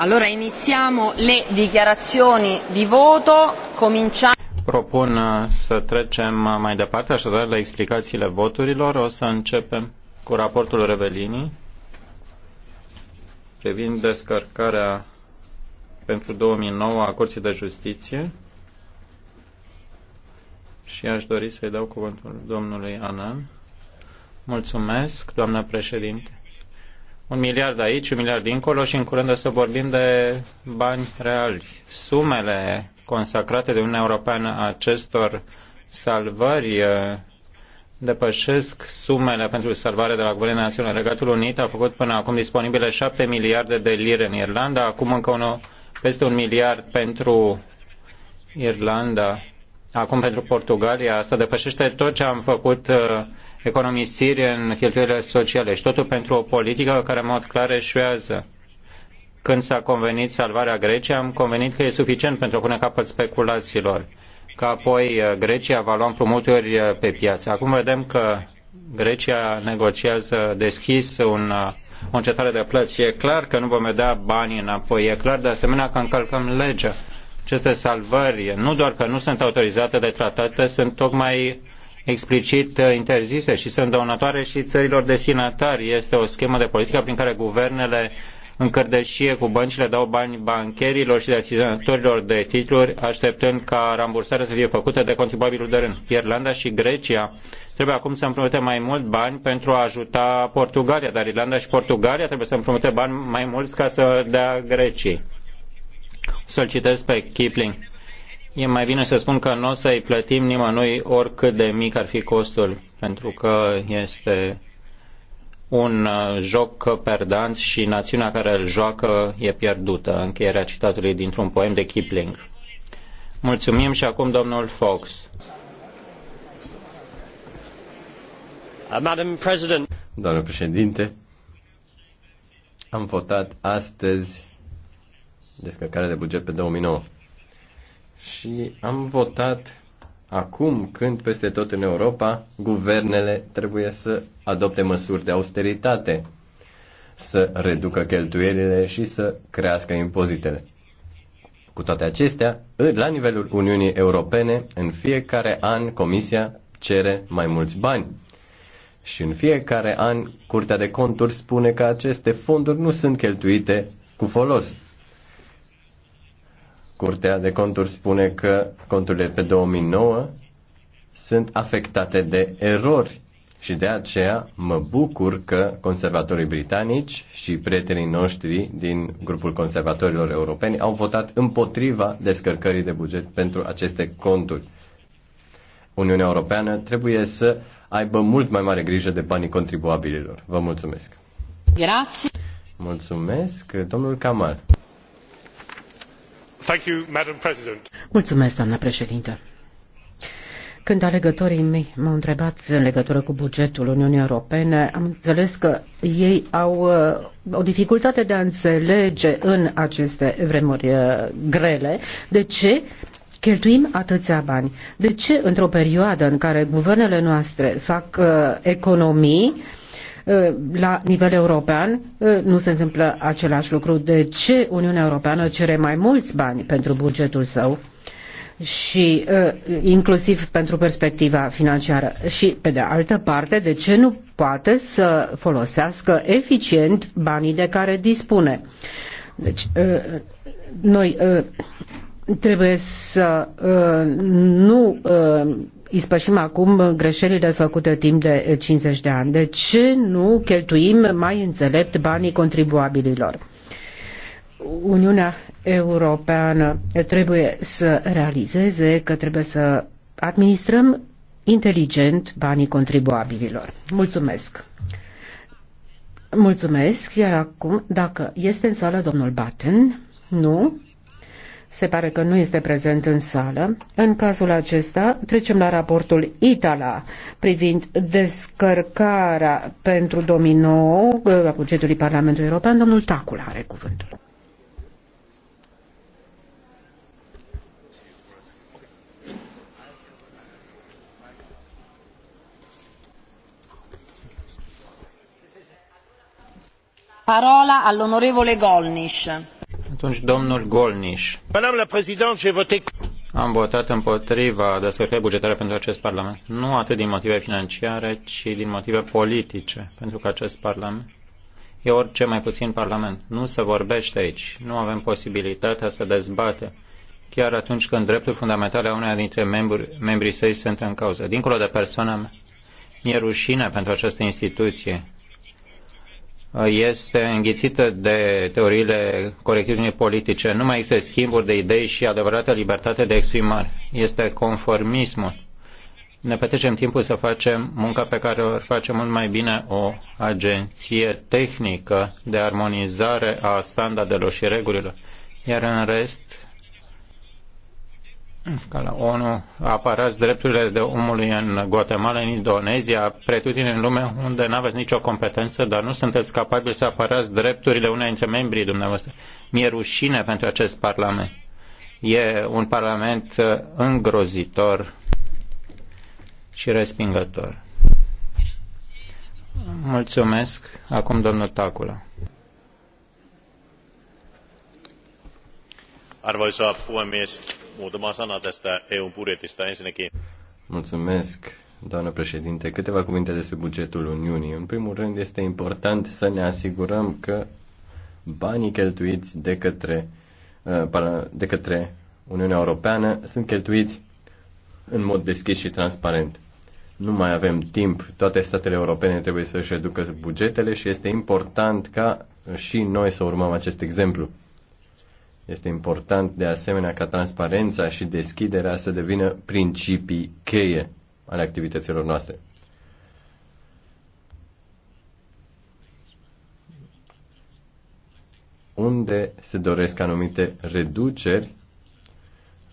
Allora iniziamo le dichiarazioni di voto. Cominciamo. Propun uh, să trecem uh, mai departe, așadar la explicațiile voturilor. O să începem cu raportul Revelini privind descărcarea pentru 2009 a Curții de Justiție și aș dori să-i dau cuvântul domnului Anan. Mulțumesc, doamna președinte un miliard aici, un miliard dincolo și în curând o să vorbim de bani reali. Sumele consacrate de Uniunea Europeană acestor salvări eh, depășesc sumele pentru salvare de la Guvernul Național. Regatul Unit a făcut până acum disponibile 7 miliarde de lire în Irlanda, acum încă unul, peste un miliard pentru Irlanda, acum pentru Portugalia. Asta depășește tot ce am făcut eh, economisiri în cheltuielile sociale și totul pentru o politică care în mod clar eșuează. Când s-a convenit salvarea Greciei, am convenit că e suficient pentru a pune capăt speculațiilor, că apoi uh, Grecia va lua împrumuturi uh, pe piață. Acum vedem că Grecia negociază deschis un, uh, o încetare de plăți. E clar că nu vom vedea banii înapoi. E clar de asemenea că încălcăm legea. Aceste salvări nu doar că nu sunt autorizate de tratate, sunt tocmai explicit uh, interzise și sunt dăunătoare și țărilor destinatari. Este o schemă de politică prin care guvernele încărdășie cu băncile, dau bani bancherilor și deținătorilor de titluri, așteptând ca rambursarea să fie făcută de contribuabilul de rând. Irlanda și Grecia trebuie acum să împrumute mai mult bani pentru a ajuta Portugalia, dar Irlanda și Portugalia trebuie să împrumute bani mai mulți ca să dea Greciei. Să-l citesc pe Kipling. E mai bine să spun că nu o să-i plătim nimănui oricât de mic ar fi costul, pentru că este un uh, joc perdant și națiunea care îl joacă e pierdută. Încheierea citatului dintr-un poem de Kipling. Mulțumim și acum domnul Fox. Uh, Madam President. Doamnă președinte, am votat astăzi descărcarea de buget pe 2009 și am votat acum când peste tot în Europa guvernele trebuie să adopte măsuri de austeritate, să reducă cheltuielile și să crească impozitele. Cu toate acestea, la nivelul Uniunii Europene, în fiecare an Comisia cere mai mulți bani. Și în fiecare an, Curtea de Conturi spune că aceste fonduri nu sunt cheltuite cu folos. Curtea de conturi spune că conturile pe 2009 sunt afectate de erori și de aceea mă bucur că conservatorii britanici și prietenii noștri din grupul conservatorilor europeni au votat împotriva descărcării de buget pentru aceste conturi. Uniunea Europeană trebuie să aibă mult mai mare grijă de banii contribuabililor. Vă mulțumesc. Grazie. Mulțumesc, domnul Kamal. Mulțumesc, președinte. Când alegătorii mei m-au întrebat în legătură cu bugetul Uniunii Europene, am înțeles că ei au o uh, dificultate de a înțelege în aceste vremuri uh, grele de ce cheltuim atâția bani. De ce într-o perioadă în care guvernele noastre fac uh, economii, Eh, la nivel european eh, nu se întâmplă același lucru. De ce Uniunea Europeană cere mai mulți bani pentru bugetul său? și eh, inclusiv pentru perspectiva financiară. Și, pe de altă parte, de ce nu poate să folosească eficient banii de care dispune? Deci, noi trebuie să uh, nu uh, ispășim acum greșelile făcute timp de 50 de ani. De ce nu cheltuim mai înțelept banii contribuabililor? Uniunea Europeană trebuie să realizeze că trebuie să administrăm inteligent banii contribuabililor. Mulțumesc! Mulțumesc, iar acum, dacă este în sală domnul Batten, nu, se pare că nu este prezent în sală. În cazul acesta, trecem la raportul Itala privind descărcarea pentru domino uh, a bugetului Parlamentului European. Domnul Tacul are cuvântul. Parola all'onorevole Golnisch. Atunci, domnul Golniș. Am votat împotriva descărcării bugetare pentru acest Parlament. Nu atât din motive financiare, ci din motive politice, pentru că acest Parlament e orice mai puțin Parlament. Nu se vorbește aici. Nu avem posibilitatea să dezbatem chiar atunci când drepturi fundamentale a uneia dintre membri, membrii săi sunt în cauză. Dincolo de persoana mea, mi-e rușine pentru această instituție este înghițită de teoriile corectitudinii politice. Nu mai există schimburi de idei și adevărată libertate de exprimare. Este conformismul. Ne petrecem timpul să facem munca pe care o face mult mai bine o agenție tehnică de armonizare a standardelor și regulilor. Iar în rest, ca la ONU apărați drepturile de omului în Guatemala, în Indonezia, pretutine în lume unde nu aveți nicio competență, dar nu sunteți capabili să apărați drepturile unei dintre membrii dumneavoastră. Mi-e rușine pentru acest parlament. E un parlament uh, îngrozitor și respingător. Mulțumesc. Acum domnul Tacula. Arvoisa puhemies, Muutama sana tästä EUn budjetista ensinnäkin. Mulțumesc, doamnă președinte. Câteva cuvinte despre bugetul Uniunii. În primul rând, este important să ne asigurăm că banii cheltuiți de către, uh, de către Uniunea Europeană sunt cheltuiți în mod deschis și transparent. Nu mai avem timp, toate statele europene trebuie să-și reducă bugetele și este important ca și noi să urmăm acest exemplu. Este important de asemenea ca transparența și deschiderea să devină principii cheie ale activităților noastre. Unde se doresc anumite reduceri,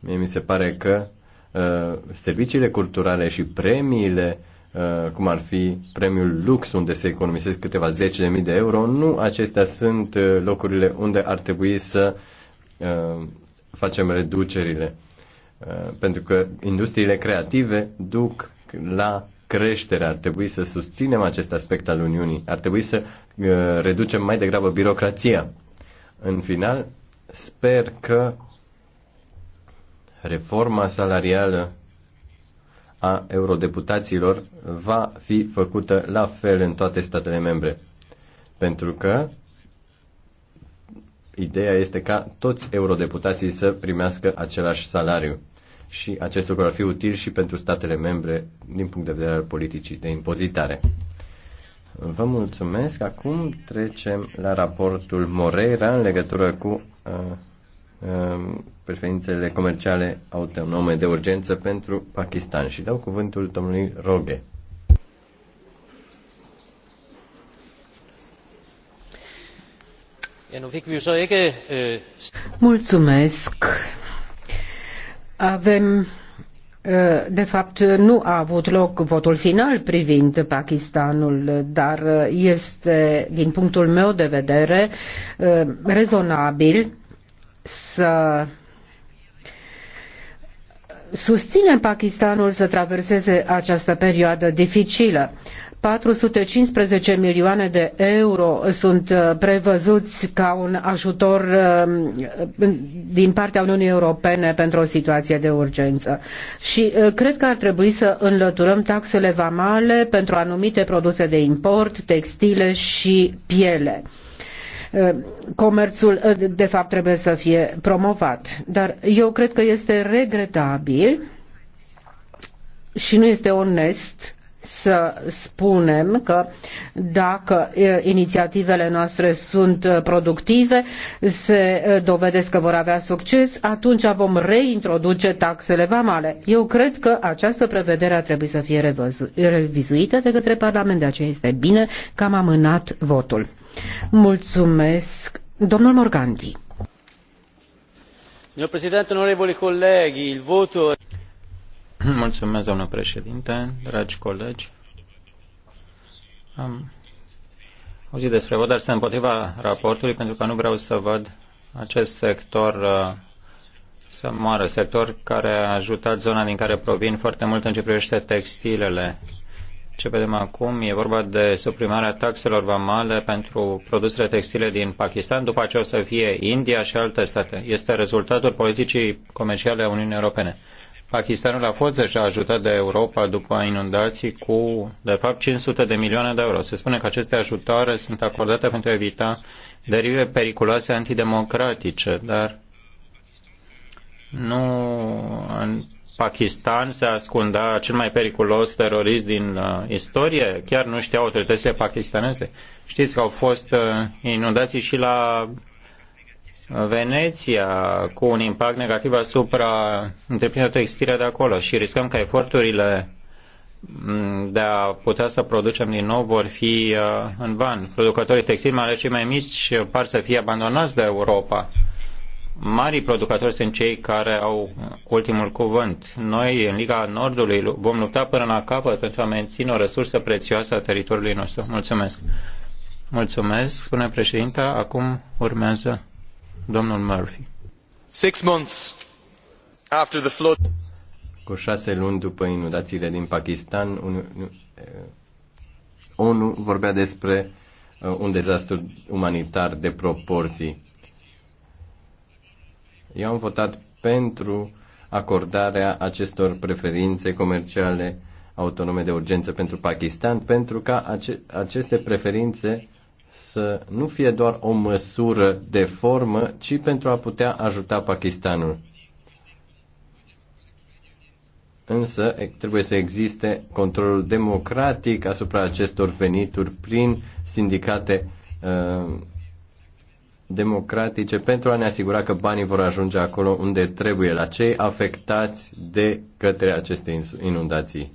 mie mi se pare că uh, serviciile culturale și premiile uh, cum ar fi premiul Lux, unde se economisesc câteva zeci de mii de euro, nu acestea sunt uh, locurile unde ar trebui să Uh, facem reducerile. Uh, pentru că industriile creative duc la creștere. Ar trebui să susținem acest aspect al Uniunii. Ar trebui să uh, reducem mai degrabă birocrația. În final, sper că reforma salarială a eurodeputaților va fi făcută la fel în toate statele membre. Pentru că ideea este ca toți eurodeputații să primească același salariu. Și acest lucru ar fi util și pentru statele membre din punct de vedere al politicii de impozitare. Vă mulțumesc. Acum trecem la raportul Moreira în legătură cu uh, uh, preferințele comerciale autonome de urgență pentru Pakistan și dau cuvântul domnului Roghe. Øh, Mulțumesc. Avem øh, de fapt, nu a avut loc votul final privind Pakistanul, dar este, din punctul meu de vedere, uh, rezonabil să susținem Pakistanul să traverseze această perioadă dificilă. 415 milioane de euro sunt uh, prevăzuți ca un ajutor um, din partea Uniunii Europene pentru o situație de urgență. Și uh, cred că ar trebui să înlăturăm taxele vamale pentru anumite produse de import, textile și piele uh, comerțul de fapt trebuie să fie promovat. Dar eu cred că este regretabil și nu este onest să spunem că dacă inițiativele noastre sunt productive, se dovedesc că vor avea succes, atunci vom reintroduce taxele vamale. Eu cred că această prevedere ar trebui să fie revizuită de către Parlament, de aceea este bine că am amânat votul. Mulțumesc. Domnul Morganti. Signor Presidente, onorevoli colleghi, il voto Mulțumesc, doamnă președinte, dragi colegi. Am auzit despre vă, dar sunt împotriva raportului pentru că nu vreau să văd acest sector uh, să moară, sector care a ajutat zona din care provin foarte mult în ce privește textilele. Ce vedem acum e vorba de suprimarea taxelor vamale pentru produsele textile din Pakistan, după aceea o să fie India și alte state. Este rezultatul politicii comerciale a Uniunii Europene. Pakistanul a fost deja ajutat de Europa după inundații cu, de fapt, 500 de milioane de euro. Se spune că aceste ajutoare sunt acordate pentru a evita derive periculoase antidemocratice, dar nu în Pakistan se ascunda cel mai periculos terorist din uh, istorie, chiar nu știau autoritățile pakistaneze. Știți că au fost uh, inundații și la Veneția cu un impact negativ asupra întreprinderilor textile de acolo și riscăm că eforturile mm, de a putea să producem din nou vor fi uh, în van. Producătorii textili, mai ales cei mai mici, par să fie abandonați de Europa. Marii producători sunt cei care au ultimul cuvânt. Noi, în Liga Nordului, vom lupta până la capăt pentru a menține o resursă prețioasă a teritoriului nostru. Mulțumesc! Mulțumesc, spune președinta. Acum urmează Domnul Murphy. Six months after the flood. Cu șase luni după inundațiile din Pakistan, eh, ONU vorbea despre eh, un dezastru umanitar de proporții. Eu am votat pentru acordarea acestor preferințe comerciale autonome de urgență pentru Pakistan, pentru ca ace- aceste preferințe să nu fie doar o măsură de formă, ci pentru a putea ajuta Pakistanul. Însă trebuie să existe controlul democratic asupra acestor venituri prin sindicate uh, democratice pentru a ne asigura că banii vor ajunge acolo unde trebuie, la cei afectați de către aceste inundații.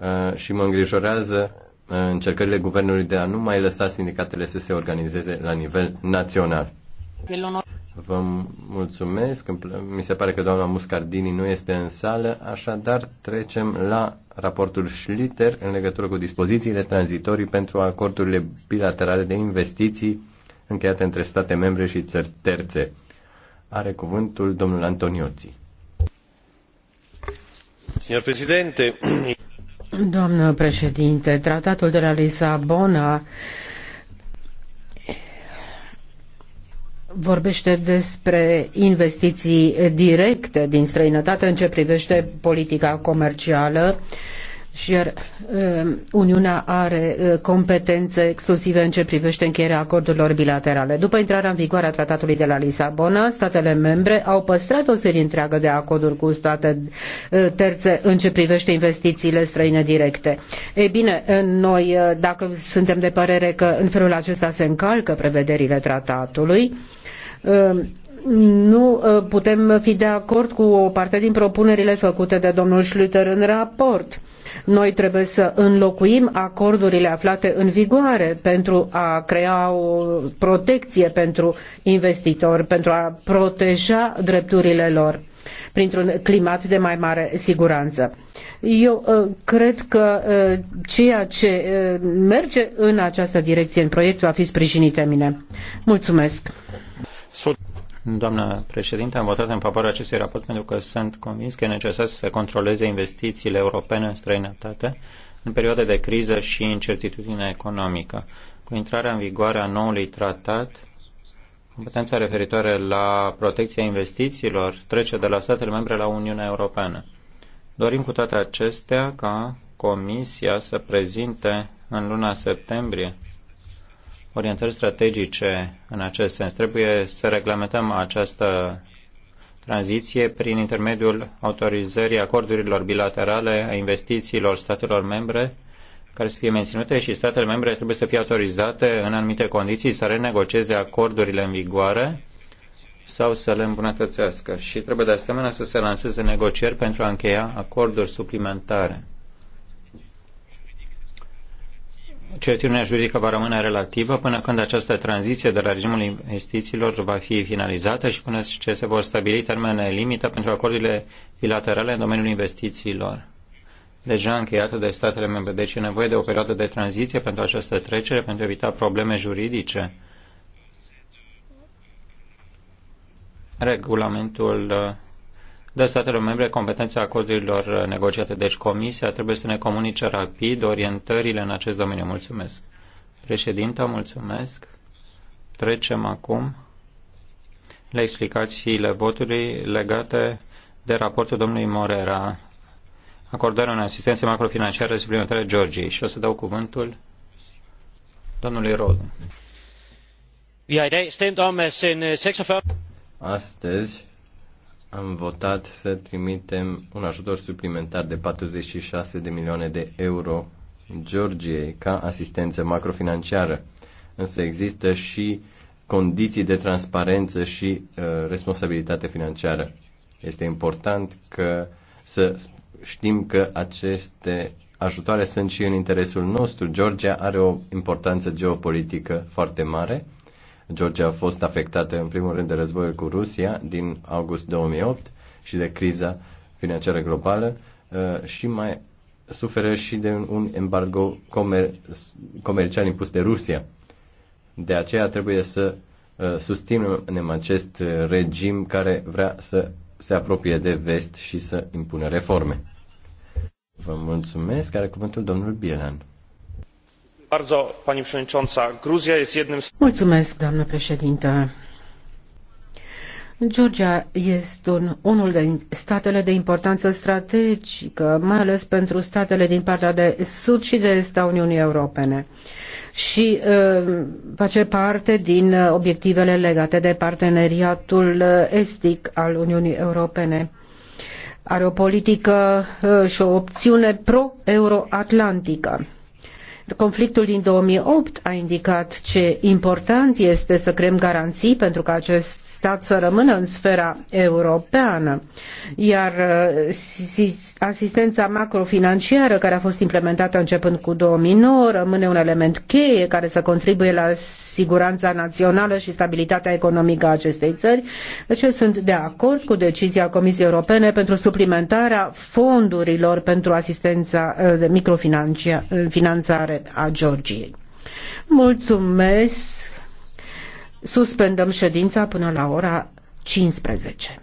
Uh, și mă îngrijorează uh, încercările guvernului de a nu mai lăsa sindicatele să se organizeze la nivel național. Vă mulțumesc. Mi se pare că doamna Muscardini nu este în sală, așadar trecem la raportul Schlitter în legătură cu dispozițiile tranzitorii pentru acordurile bilaterale de investiții încheiate între state membre și țări terțe. Are cuvântul domnul Antonioții. Signor Presidente, Doamnă președinte, tratatul de la Lisabona vorbește despre investiții directe din străinătate în ce privește politica comercială uh, și um, Uniunea are uh, competențe exclusive în ce privește încheierea acordurilor bilaterale. După intrarea în vigoare a tratatului de la Lisabona, statele membre au păstrat o serie întreagă de acorduri cu state uh, terțe în ce privește investițiile străine directe. Ei bine, uh, noi, dacă suntem de părere că în felul acesta se încalcă prevederile tratatului, um, nu putem fi de acord cu o parte din propunerile făcute de domnul Schlüter în raport noi trebuie să înlocuim acordurile aflate în vigoare pentru a crea o protecție pentru investitori, pentru a proteja drepturile lor printr-un climat de mai mare siguranță. Eu uh, cred că uh, ceea ce uh, merge în această direcție în proiect va fi sprijinit de mine. Mulțumesc! Doamnă președinte, am votat în favoarea acestui raport pentru că sunt convins că e necesar să se controleze investițiile europene în străinătate în perioade de criză și incertitudine economică. Cu intrarea în vigoare a noului tratat, competența referitoare la protecția investițiilor trece de la statele membre la Uniunea Europeană. Dorim cu toate acestea ca Comisia să prezinte în luna septembrie orientări strategice în acest sens. Trebuie să reglementăm această tranziție prin intermediul autorizării acordurilor bilaterale a investițiilor statelor membre care să fie menținute și statele membre trebuie să fie autorizate în anumite condiții să renegocieze acordurile în vigoare sau să le îmbunătățească și trebuie de asemenea să se lanseze negocieri pentru a încheia acorduri suplimentare. certitudinea juridică va rămâne relativă până când această tranziție de la regimul investițiilor va fi finalizată și până ce se vor stabili termene limită pentru acordurile bilaterale în domeniul investițiilor. Deja încheiată de statele membre, deci e nevoie de o perioadă de tranziție pentru această trecere, pentru a evita probleme juridice. Regulamentul uh, dă statelor membre competența acordurilor negociate. Deci Comisia trebuie să ne comunice rapid orientările în acest domeniu. Mulțumesc. Președinta, mulțumesc. Trecem acum la explicațiile votului legate de raportul domnului Morera, acordarea unei asistențe macrofinanciare suplimentare Georgiei. Și o să dau cuvântul domnului Rodu. Astăzi am votat să trimitem un ajutor suplimentar de 46 de milioane de euro Georgiei ca asistență macrofinanciară. Însă există și condiții de transparență și uh, responsabilitate financiară. Este important că să știm că aceste ajutoare sunt și în interesul nostru. Georgia are o importanță geopolitică foarte mare Georgia a fost afectată în primul rând de războiul cu Rusia din august 2008 și de criza financiară globală uh, și mai suferă și de un embargo comer- comercial impus de Rusia. De aceea trebuie să uh, susținem acest regim care vrea să se apropie de vest și să impună reforme. Vă mulțumesc. Are cuvântul domnul Bielan. Mulțumesc, doamnă președintă. Georgia este unul din statele de importanță strategică, mai ales pentru statele din partea de sud și de est a Uniunii Europene și uh, face parte din uh, obiectivele legate de parteneriatul uh, estic al Uniunii Europene. Are o politică uh, și o opțiune pro-euroatlantică Conflictul din 2008 a indicat ce important este să creăm garanții pentru ca acest stat să rămână în sfera europeană, iar uh, asistența macrofinanciară care a fost implementată începând cu 2009 rămâne un element cheie care să contribuie la siguranța națională și stabilitatea economică a acestei țări. Deci eu sunt de acord cu decizia Comisiei Europene pentru suplimentarea fondurilor pentru asistența uh, de microfinanțare. Uh, militare a Georgiei. Mulțumesc! Suspendăm ședința până la ora 15.